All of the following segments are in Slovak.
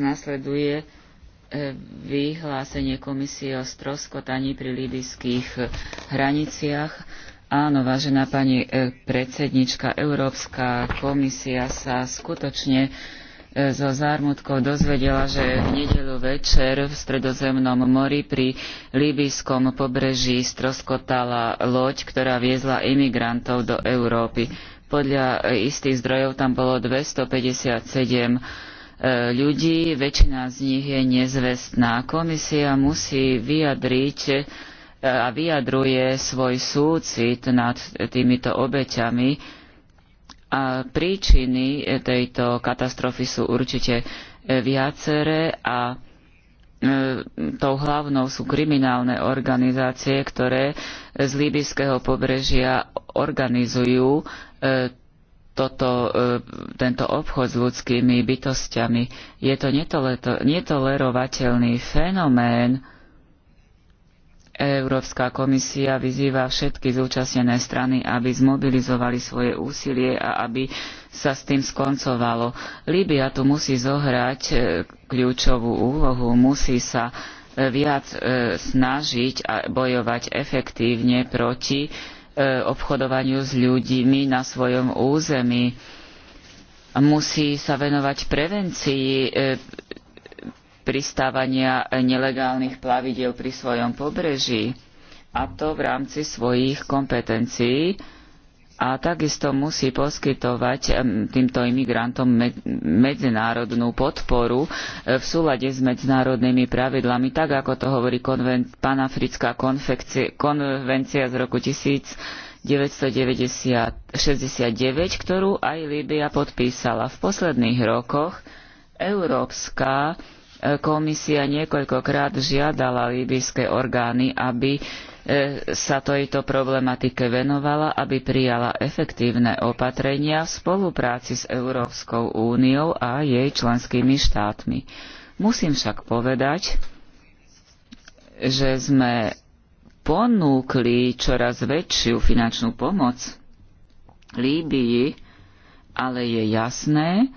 nasleduje e, vyhlásenie komisie o stroskotaní pri líbyských e, hraniciach. Áno, vážená pani e, predsednička, Európska komisia sa skutočne so zármutkou dozvedela, že v nedelu večer v Stredozemnom mori pri líbyskom pobreží stroskotala loď, ktorá viezla imigrantov do Európy. Podľa istých zdrojov tam bolo 257 E, ľudí, väčšina z nich je nezvestná. Komisia musí vyjadriť e, a vyjadruje svoj súcit nad týmito obeťami a príčiny tejto katastrofy sú určite e, viaceré a tou hlavnou sú kriminálne organizácie, ktoré z líbyského pobrežia organizujú toto, e, tento obchod s ľudskými bytostiami. Je to netolerovateľný fenomén. Európska komisia vyzýva všetky zúčastnené strany, aby zmobilizovali svoje úsilie a aby sa s tým skoncovalo. Líbia tu musí zohrať e, kľúčovú úlohu, musí sa e, viac snažiť a bojovať efektívne proti E, obchodovaniu s ľuďmi na svojom území. Musí sa venovať prevencii e, pristávania nelegálnych plavidiel pri svojom pobreží a to v rámci svojich kompetencií a takisto musí poskytovať týmto imigrantom medzinárodnú podporu e, v súlade s medzinárodnými pravidlami, tak ako to hovorí konven- panafrická konvencia z roku 1969, ktorú aj Líbia podpísala. V posledných rokoch Európska e, komisia niekoľkokrát žiadala líbyjské orgány, aby E, sa tejto problematike venovala, aby prijala efektívne opatrenia v spolupráci s Európskou úniou a jej členskými štátmi. Musím však povedať, že sme ponúkli čoraz väčšiu finančnú pomoc Líbii, ale je jasné,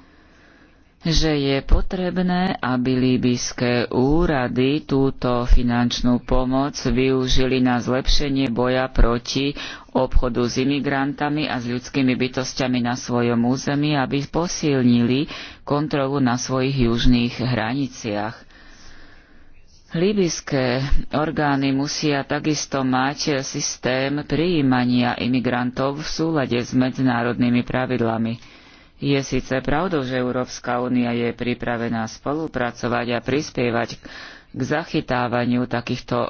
že je potrebné, aby líbyské úrady túto finančnú pomoc využili na zlepšenie boja proti obchodu s imigrantami a s ľudskými bytostiami na svojom území, aby posilnili kontrolu na svojich južných hraniciach. Líbyské orgány musia takisto mať systém prijímania imigrantov v súlade s medzinárodnými pravidlami. Je síce pravdou, že Európska únia je pripravená spolupracovať a prispievať k zachytávaniu takýchto e,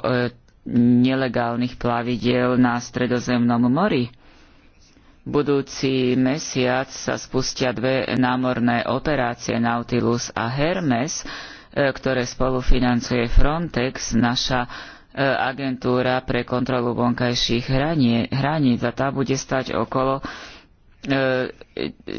nelegálnych plavidiel na Stredozemnom mori. Budúci mesiac sa spustia dve námorné operácie Nautilus a Hermes, e, ktoré spolufinancuje Frontex, naša e, agentúra pre kontrolu vonkajších hraníc a tá bude stať okolo E,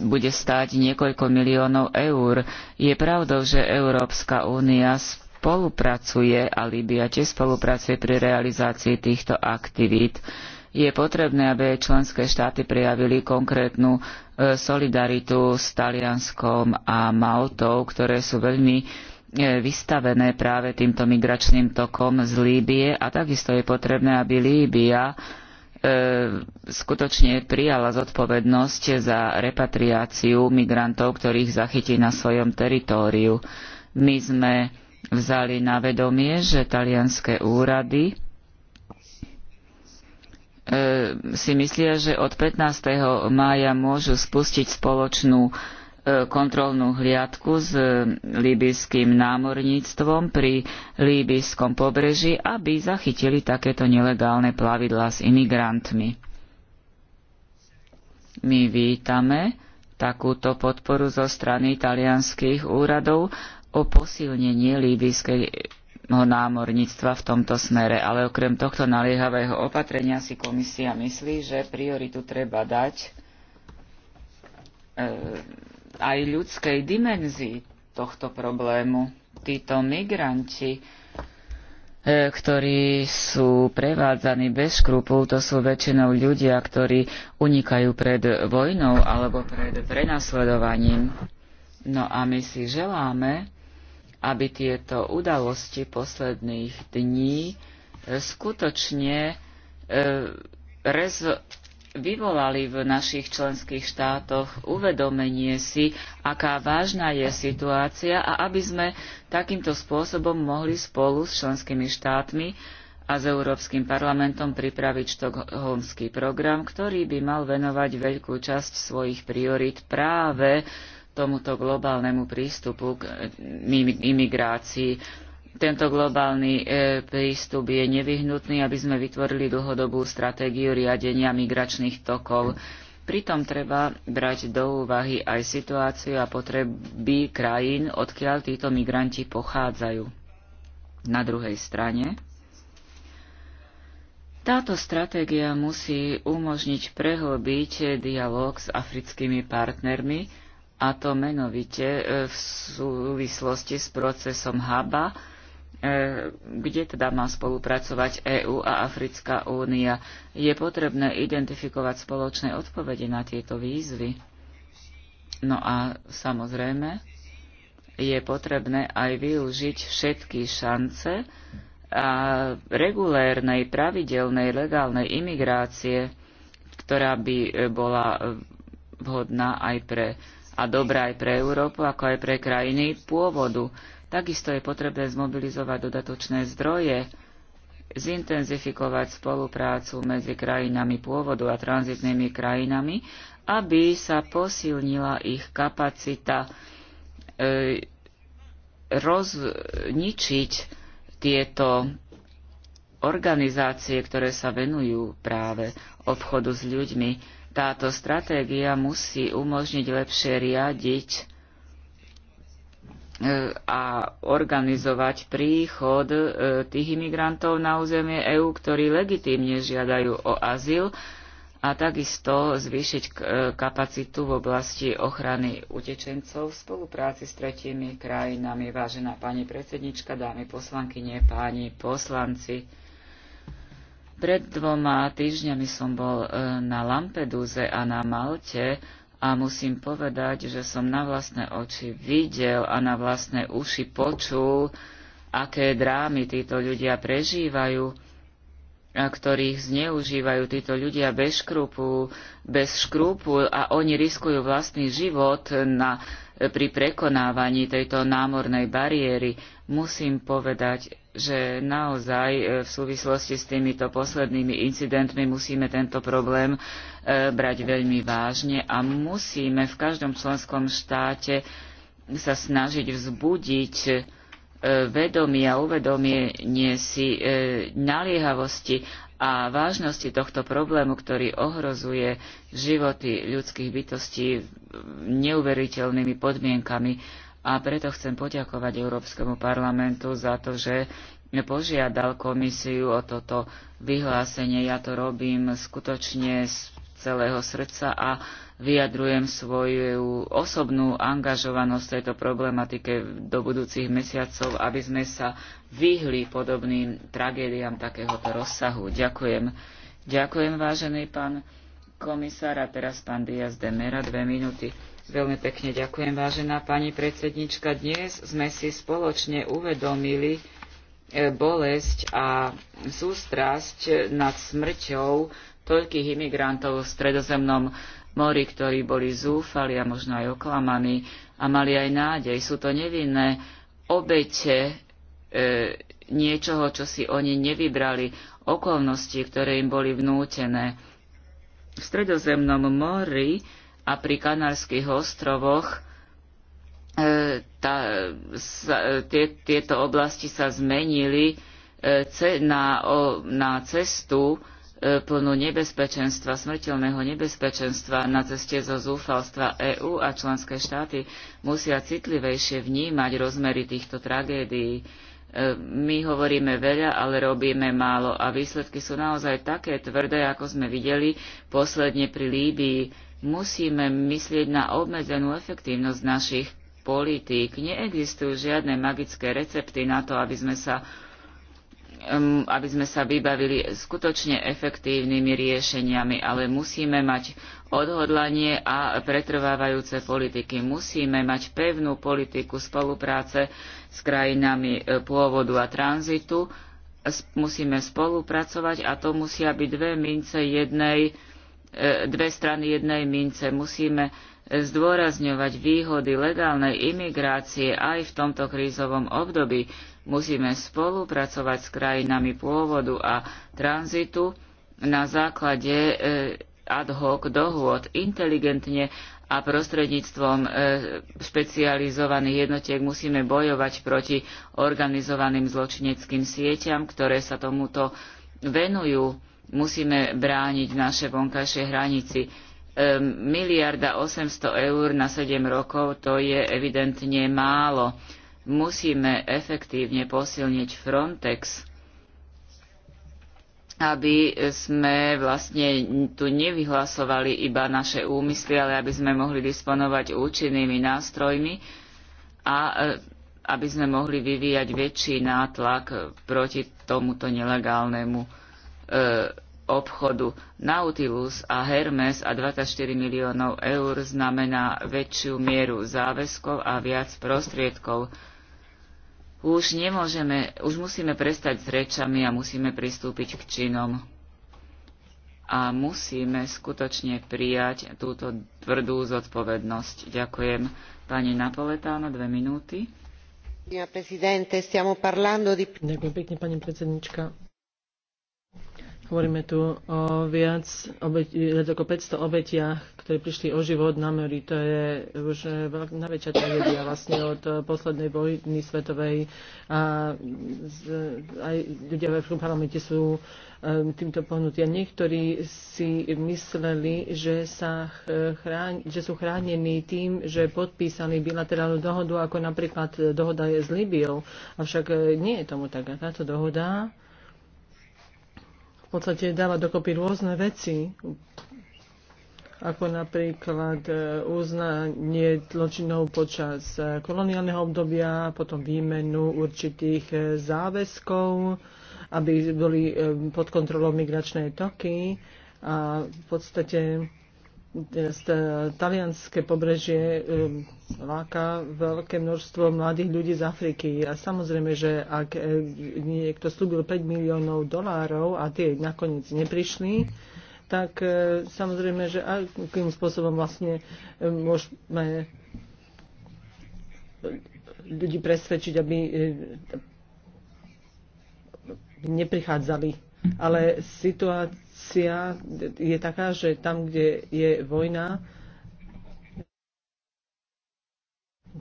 bude stáť niekoľko miliónov eur. Je pravdou, že Európska únia spolupracuje a Líbia tiež spolupracuje pri realizácii týchto aktivít. Je potrebné, aby členské štáty prijavili konkrétnu e, solidaritu s Talianskom a Maltou, ktoré sú veľmi e, vystavené práve týmto migračným tokom z Líbie a takisto je potrebné, aby Líbia E, skutočne prijala zodpovednosť za repatriáciu migrantov, ktorých zachytí na svojom teritóriu. My sme vzali na vedomie, že talianské úrady e, si myslia, že od 15. mája môžu spustiť spoločnú E, kontrolnú hliadku s e, líbyským námorníctvom pri líbyskom pobreží, aby zachytili takéto nelegálne plavidlá s imigrantmi. My vítame takúto podporu zo strany italianských úradov o posilnenie líbyského námorníctva v tomto smere, ale okrem tohto naliehavého opatrenia si komisia myslí, že prioritu treba dať e, aj ľudskej dimenzii tohto problému. Títo migranti, e, ktorí sú prevádzaní bez škrupul, to sú väčšinou ľudia, ktorí unikajú pred vojnou alebo pred prenasledovaním. No a my si želáme, aby tieto udalosti posledných dní e, skutočne e, vyvolali v našich členských štátoch uvedomenie si, aká vážna je situácia a aby sme takýmto spôsobom mohli spolu s členskými štátmi a s Európskym parlamentom pripraviť štokholmský program, ktorý by mal venovať veľkú časť svojich priorít práve tomuto globálnemu prístupu k imigrácii. Tento globálny e, prístup je nevyhnutný, aby sme vytvorili dlhodobú stratégiu riadenia migračných tokov. Pritom treba brať do úvahy aj situáciu a potreby krajín, odkiaľ títo migranti pochádzajú. Na druhej strane, táto stratégia musí umožniť prehlbiť dialog s africkými partnermi, a to menovite e, v súvislosti s procesom Haba, E, kde teda má spolupracovať EÚ a Africká únia. Je potrebné identifikovať spoločné odpovede na tieto výzvy. No a samozrejme, je potrebné aj využiť všetky šance a regulérnej, pravidelnej, legálnej imigrácie, ktorá by e, bola e, vhodná aj pre a dobrá aj pre Európu, ako aj pre krajiny pôvodu. Takisto je potrebné zmobilizovať dodatočné zdroje, zintenzifikovať spoluprácu medzi krajinami pôvodu a tranzitnými krajinami, aby sa posilnila ich kapacita e, rozničiť tieto organizácie, ktoré sa venujú práve obchodu s ľuďmi. Táto stratégia musí umožniť lepšie riadiť E, a organizovať príchod e, tých imigrantov na územie EÚ, ktorí legitímne žiadajú o azyl a takisto zvýšiť e, kapacitu v oblasti ochrany utečencov v spolupráci s tretími krajinami. Vážená pani predsednička, dámy poslankyne, páni poslanci. Pred dvoma týždňami som bol na Lampeduze a na Malte a musím povedať, že som na vlastné oči videl a na vlastné uši počul, aké drámy títo ľudia prežívajú, a ktorých zneužívajú títo ľudia bez škrupul, bez škrupu a oni riskujú vlastný život na, pri prekonávaní tejto námornej bariéry. Musím povedať, že naozaj e, v súvislosti s týmito poslednými incidentmi musíme tento problém brať veľmi vážne a musíme v každom členskom štáte sa snažiť vzbudiť e, vedomie a uvedomie si e, naliehavosti a vážnosti tohto problému, ktorý ohrozuje životy ľudských bytostí neuveriteľnými podmienkami. A preto chcem poďakovať Európskemu parlamentu za to, že požiadal komisiu o toto vyhlásenie. Ja to robím skutočne s celého srdca a vyjadrujem svoju osobnú angažovanosť tejto problematike do budúcich mesiacov, aby sme sa vyhli podobným tragédiám takéhoto rozsahu. Ďakujem. Ďakujem, vážený pán komisár. A teraz pán Diaz de Mera, dve minúty. Veľmi pekne ďakujem, vážená pani predsednička. Dnes sme si spoločne uvedomili e, bolesť a sústrasť nad smrťou toľkých imigrantov v stredozemnom mori, ktorí boli zúfali a možno aj oklamaní a mali aj nádej. Sú to nevinné obete e, niečoho, čo si oni nevybrali, okolnosti, ktoré im boli vnútené. V stredozemnom mori a pri Kanárskych ostrovoch e, tá, sa, tie, tieto oblasti sa zmenili e, ce, na, o, na cestu, E, plnú nebezpečenstva, smrteľného nebezpečenstva na ceste zo zúfalstva EÚ a členské štáty musia citlivejšie vnímať rozmery týchto tragédií. E, my hovoríme veľa, ale robíme málo a výsledky sú naozaj také tvrdé, ako sme videli posledne pri Líbii. Musíme myslieť na obmedzenú efektívnosť našich politík. Neexistujú žiadne magické recepty na to, aby sme sa aby sme sa vybavili skutočne efektívnymi riešeniami, ale musíme mať odhodlanie a pretrvávajúce politiky. Musíme mať pevnú politiku spolupráce s krajinami e, pôvodu a tranzitu. Musíme spolupracovať a to musia byť dve mince jednej, e, dve strany jednej mince. Musíme e, zdôrazňovať výhody legálnej imigrácie aj v tomto krízovom období Musíme spolupracovať s krajinami pôvodu a tranzitu na základe e, ad hoc dohôd inteligentne a prostredníctvom e, špecializovaných jednotiek musíme bojovať proti organizovaným zločineckým sieťam, ktoré sa tomuto venujú. Musíme brániť naše vonkajšie hranici. E, miliarda 800 eur na 7 rokov to je evidentne málo. Musíme efektívne posilniť Frontex, aby sme vlastne tu nevyhlasovali iba naše úmysly, ale aby sme mohli disponovať účinnými nástrojmi a e, aby sme mohli vyvíjať väčší nátlak proti tomuto nelegálnemu e, obchodu. Nautilus a Hermes a 24 miliónov eur znamená väčšiu mieru záväzkov a viac prostriedkov. Už nemôžeme, už musíme prestať s rečami a musíme pristúpiť k činom. A musíme skutočne prijať túto tvrdú zodpovednosť. Ďakujem. Pani Napoletáno, dve minúty. Ďakujem pekne, pani predsednička Hovoríme tu o viac, viac ako 500 obetiach, ktoré prišli o život na mori. To je už e, najväčšia tragédia vlastne od e, poslednej vojny svetovej. A aj ľudia v Európskom parlamente sú e, týmto pohnutí. A niektorí si mysleli, že, sa chráň, že sú chránení tým, že podpísali bilaterálnu dohodu, ako napríklad dohoda je s Libiou. Avšak nie je tomu tak. A táto dohoda podstate dáva dokopy rôzne veci, ako napríklad e, uznanie zločinov počas e, koloniálneho obdobia, potom výmenu určitých e, záväzkov, aby boli pod kontrolou migračné toky a v podstate E, talianské pobrežie e, láka veľké množstvo mladých ľudí z Afriky. A samozrejme, že ak e, niekto slúbil 5 miliónov dolárov a tie nakoniec neprišli, tak samozrejme, že akým spôsobom vlastne môžeme ľudí presvedčiť, aby neprichádzali ale situácia je taká, že tam, kde je vojna,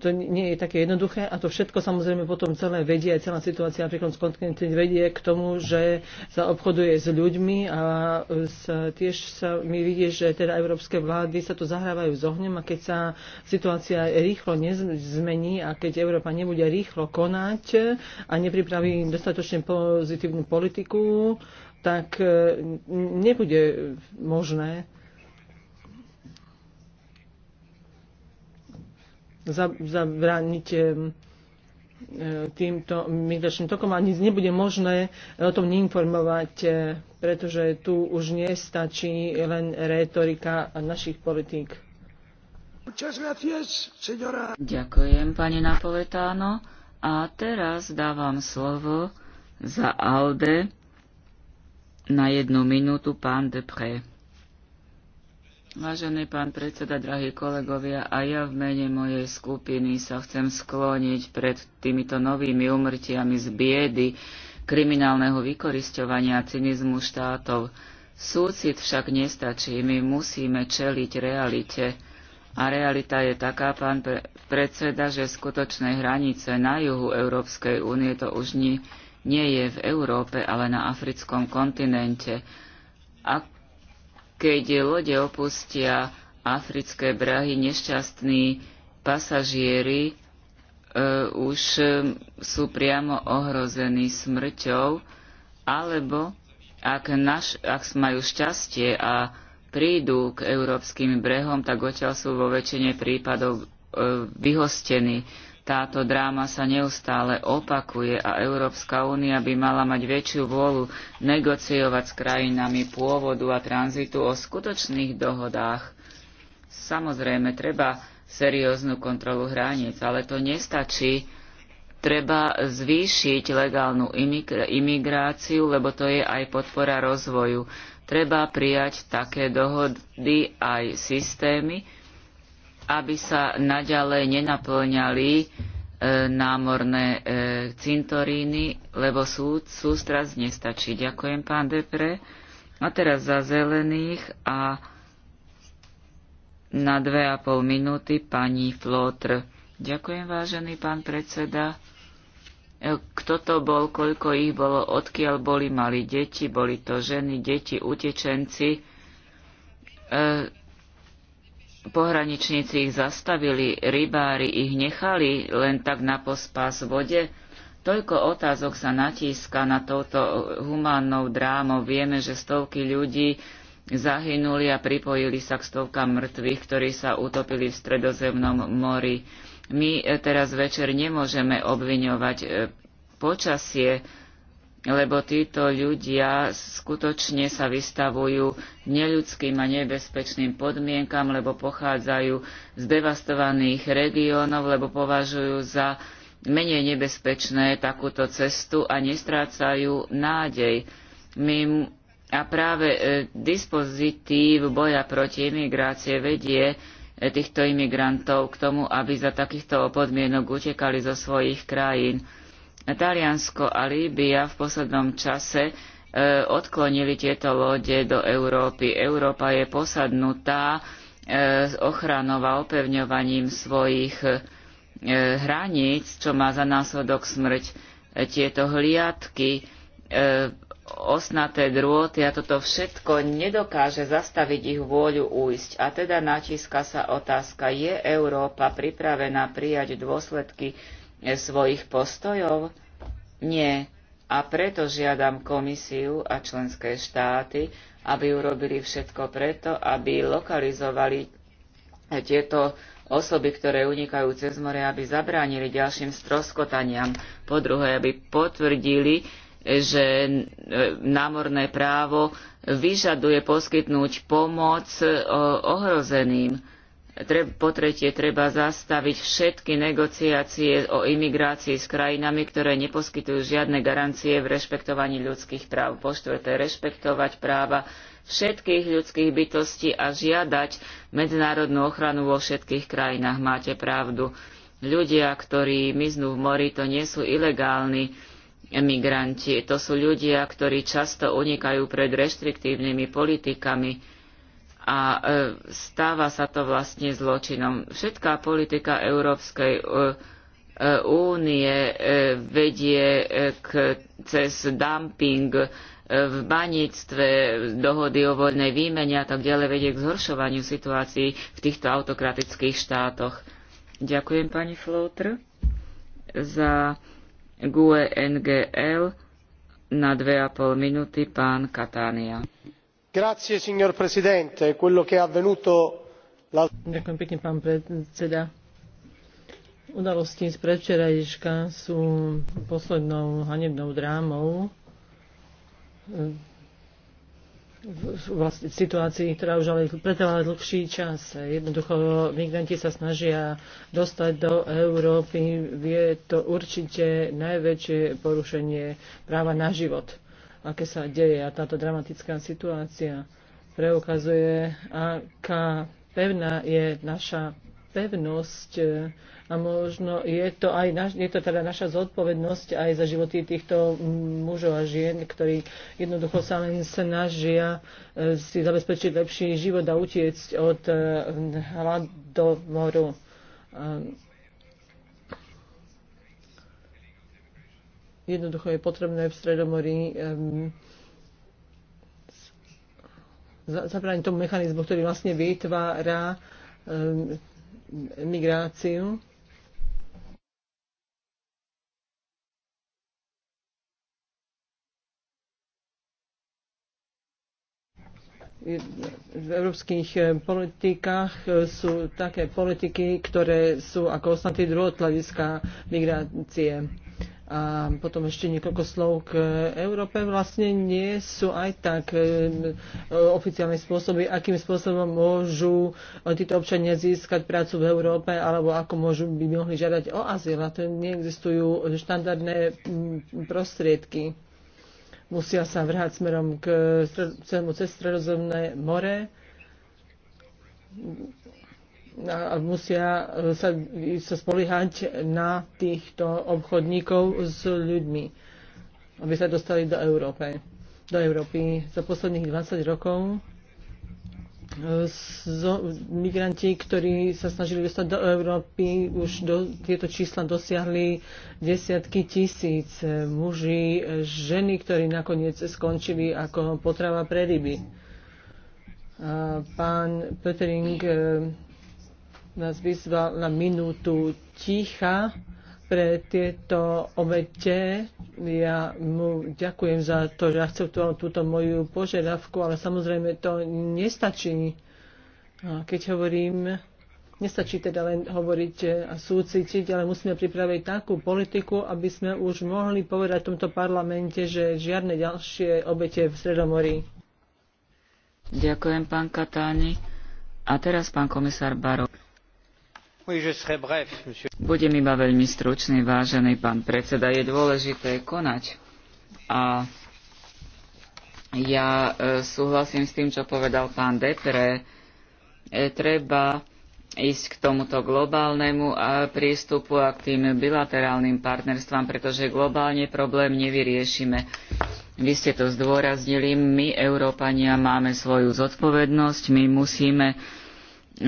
to nie je také jednoduché a to všetko samozrejme potom celé vedie, aj celá situácia napríklad z kontinente vedie k tomu, že sa obchoduje s ľuďmi a e, sa, tiež sa mi vidie, že teda európske vlády sa tu zahrávajú s ohňom a keď sa situácia rýchlo nezmení a keď Európa nebude rýchlo konať a nepripraví dostatočne pozitívnu politiku, tak e, nebude možné zabrániť e, týmto migračným tokom a nic nebude možné o tom neinformovať, e, pretože tu už nestačí len rétorika našich politík. Ďakujem, pani Napoletáno. A teraz dávam slovo za ALDE na jednu minútu pán Depré. Vážený pán predseda, drahí kolegovia, a ja v mene mojej skupiny sa chcem skloniť pred týmito novými umrtiami z biedy, kriminálneho vykorisťovania a cynizmu štátov. Súcit však nestačí, my musíme čeliť realite. A realita je taká, pán pre- predseda, že skutočné hranice na juhu Európskej únie to už nie, nie je v Európe, ale na africkom kontinente. Ak keď lode opustia africké brahy, nešťastní pasažieri e, už e, sú priamo ohrození smrťou, alebo ak, naš, ak majú šťastie a prídu k európskym brehom, tak odtiaľ sú vo väčšine prípadov e, vyhostení. Táto dráma sa neustále opakuje a Európska únia by mala mať väčšiu vôľu negociovať s krajinami pôvodu a tranzitu o skutočných dohodách. Samozrejme, treba serióznu kontrolu hraníc, ale to nestačí. Treba zvýšiť legálnu imigráciu, lebo to je aj podpora rozvoju. Treba prijať také dohody aj systémy, aby sa naďalej nenaplňali e, námorné e, cintoríny, lebo súd, sústraz nestačí. Ďakujem, pán Depre. A teraz za zelených a na dve a pol minúty pani Flotr. Ďakujem, vážený pán predseda. E, kto to bol, koľko ich bolo, odkiaľ boli mali deti, boli to ženy, deti, utečenci. E, Pohraničníci ich zastavili, rybári ich nechali len tak na pospás vode. Toľko otázok sa natíska na touto humánnou drámou. Vieme, že stovky ľudí zahynuli a pripojili sa k stovkám mŕtvych, ktorí sa utopili v stredozemnom mori. My teraz večer nemôžeme obviňovať e, počasie, lebo títo ľudia skutočne sa vystavujú neľudským a nebezpečným podmienkam, lebo pochádzajú z devastovaných regiónov, lebo považujú za menej nebezpečné takúto cestu a nestrácajú nádej. My, a práve e, dispozitív boja proti imigrácie vedie e, týchto imigrantov k tomu, aby za takýchto podmienok utekali zo svojich krajín Taliansko a Líbia v poslednom čase e, odklonili tieto lode do Európy. Európa je posadnutá e, ochranou a opevňovaním svojich e, hraníc, čo má za následok smrť. E, tieto hliadky, e, osnaté drôty a toto všetko nedokáže zastaviť ich vôľu újsť. A teda natíska sa otázka, je Európa pripravená prijať dôsledky svojich postojov? Nie. A preto žiadam komisiu a členské štáty, aby urobili všetko preto, aby lokalizovali tieto osoby, ktoré unikajú cez more, aby zabránili ďalším stroskotaniam. Po druhé, aby potvrdili, že e, námorné právo vyžaduje poskytnúť pomoc e, ohrozeným. Treb, po tretie, treba zastaviť všetky negociácie o imigrácii s krajinami, ktoré neposkytujú žiadne garancie v rešpektovaní ľudských práv. Po štvrté, rešpektovať práva všetkých ľudských bytostí a žiadať medzinárodnú ochranu vo všetkých krajinách. Máte pravdu. Ľudia, ktorí miznú v mori, to nie sú ilegálni emigranti. To sú ľudia, ktorí často unikajú pred reštriktívnymi politikami a e, stáva sa to vlastne zločinom. Všetká politika Európskej e, e, únie vedie k, cez dumping v baníctve, dohody o voľnej výmene a tak ďalej vedie k zhoršovaniu situácií v týchto autokratických štátoch. Ďakujem pani Floutr za GUE NGL na 2,5 minúty pán Katania signor presidente. Quello che è avvenuto... Ďakujem pekne, pán predseda. Udalosti z predčerajška sú poslednou hanebnou drámou eh, v vlastne situácii, ktorá už ale pretrváva dlhší čas. Jednoducho migranti sa snažia dostať do Európy. Je to určite najväčšie porušenie práva na život aké sa deje. A táto dramatická situácia preukazuje, aká pevná je naša pevnosť e, a možno je to, aj naš, je to teda naša zodpovednosť aj za životy týchto mužov a žien, ktorí jednoducho sa len snažia e, si zabezpečiť lepší život a utiecť od e, hladomoru. Jednoducho je potrebné v Stredomorí um, zabrániť tomu mechanizmu, ktorý vlastne vytvára um, migráciu. v európskych politikách e, sú také politiky, ktoré sú ako ostatní druhot hľadiska migrácie. A potom ešte niekoľko slov k Európe. Vlastne nie sú aj tak e, oficiálne spôsoby, akým spôsobom môžu títo občania získať prácu v Európe, alebo ako môžu by mohli žiadať o azyl. A to neexistujú štandardné mm, prostriedky. Musia sa vrhať smerom k celému cez Stredozemné more a musia e, sa, sa spolíhať na týchto obchodníkov s ľuďmi, aby sa dostali do Európy. Do Európy. Za posledných 20 rokov e, zo, migranti, ktorí sa snažili dostať do Európy, už do, tieto čísla dosiahli desiatky tisíc muži, ženy, ktorí nakoniec skončili ako potrava pre ryby. Pán Petering e, nás vyzval na minútu ticha pre tieto obete. Ja mu ďakujem za to, že akceptoval túto moju požiadavku, ale samozrejme to nestačí. Keď hovorím, nestačí teda len hovoriť a súcitiť, ale musíme pripraviť takú politiku, aby sme už mohli povedať v tomto parlamente, že žiadne ďalšie obete v Stredomorí. Ďakujem, pán Katáni. A teraz pán komisár Barov. Budem iba veľmi stručný, vážený pán predseda. Je dôležité konať. A ja e, súhlasím s tým, čo povedal pán Depre. treba ísť k tomuto globálnemu e, prístupu a k tým bilaterálnym partnerstvám, pretože globálne problém nevyriešime. Vy ste to zdôraznili, my, Európania, máme svoju zodpovednosť, my musíme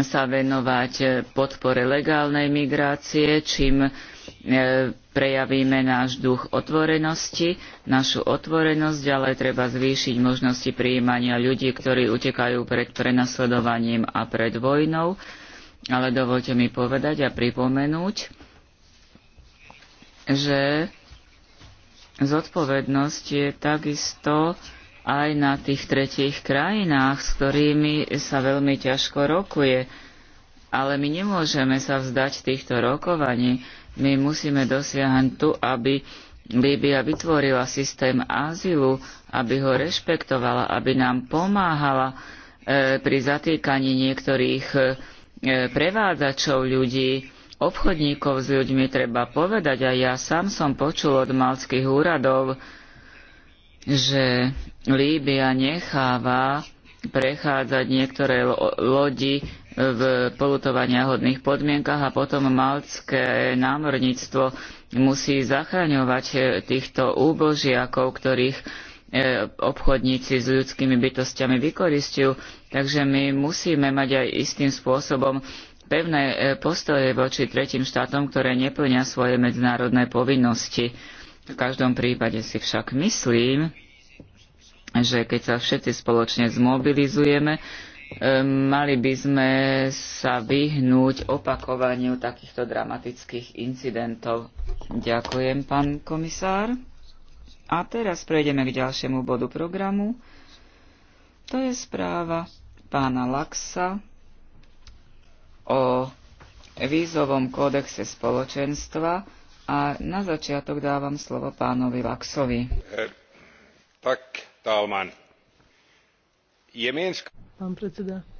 sa venovať e, podpore legálnej migrácie, čím e, prejavíme náš duch otvorenosti, našu otvorenosť, ale treba zvýšiť možnosti prijímania ľudí, ktorí utekajú pred prenasledovaním a pred vojnou. Ale dovolte mi povedať a pripomenúť, že zodpovednosť je takisto aj na tých tretích krajinách, s ktorými sa veľmi ťažko rokuje. Ale my nemôžeme sa vzdať týchto rokovaní. My musíme dosiahnuť tu, aby Líbia vytvorila systém azylu, aby ho rešpektovala, aby nám pomáhala e, pri zatýkaní niektorých e, prevádzačov ľudí, obchodníkov s ľuďmi, treba povedať. A ja sám som počul od malských úradov, že Líbia necháva prechádzať niektoré lodi v polutovania hodných podmienkach a potom malcké námorníctvo musí zachraňovať týchto úbožiakov, ktorých e, obchodníci s ľudskými bytostiami vykoristujú. Takže my musíme mať aj istým spôsobom pevné e, postoje voči tretím štátom, ktoré neplňa svoje medzinárodné povinnosti. V každom prípade si však myslím, že keď sa všetci spoločne zmobilizujeme, e, mali by sme sa vyhnúť opakovaniu takýchto dramatických incidentov. Ďakujem, pán komisár. A teraz prejdeme k ďalšiemu bodu programu. To je správa pána Laxa o vízovom kódexe spoločenstva a na začiatok dávam slovo pánovi Vaxovi. Eh, tak, Talman. Jemenská... Pán predseda,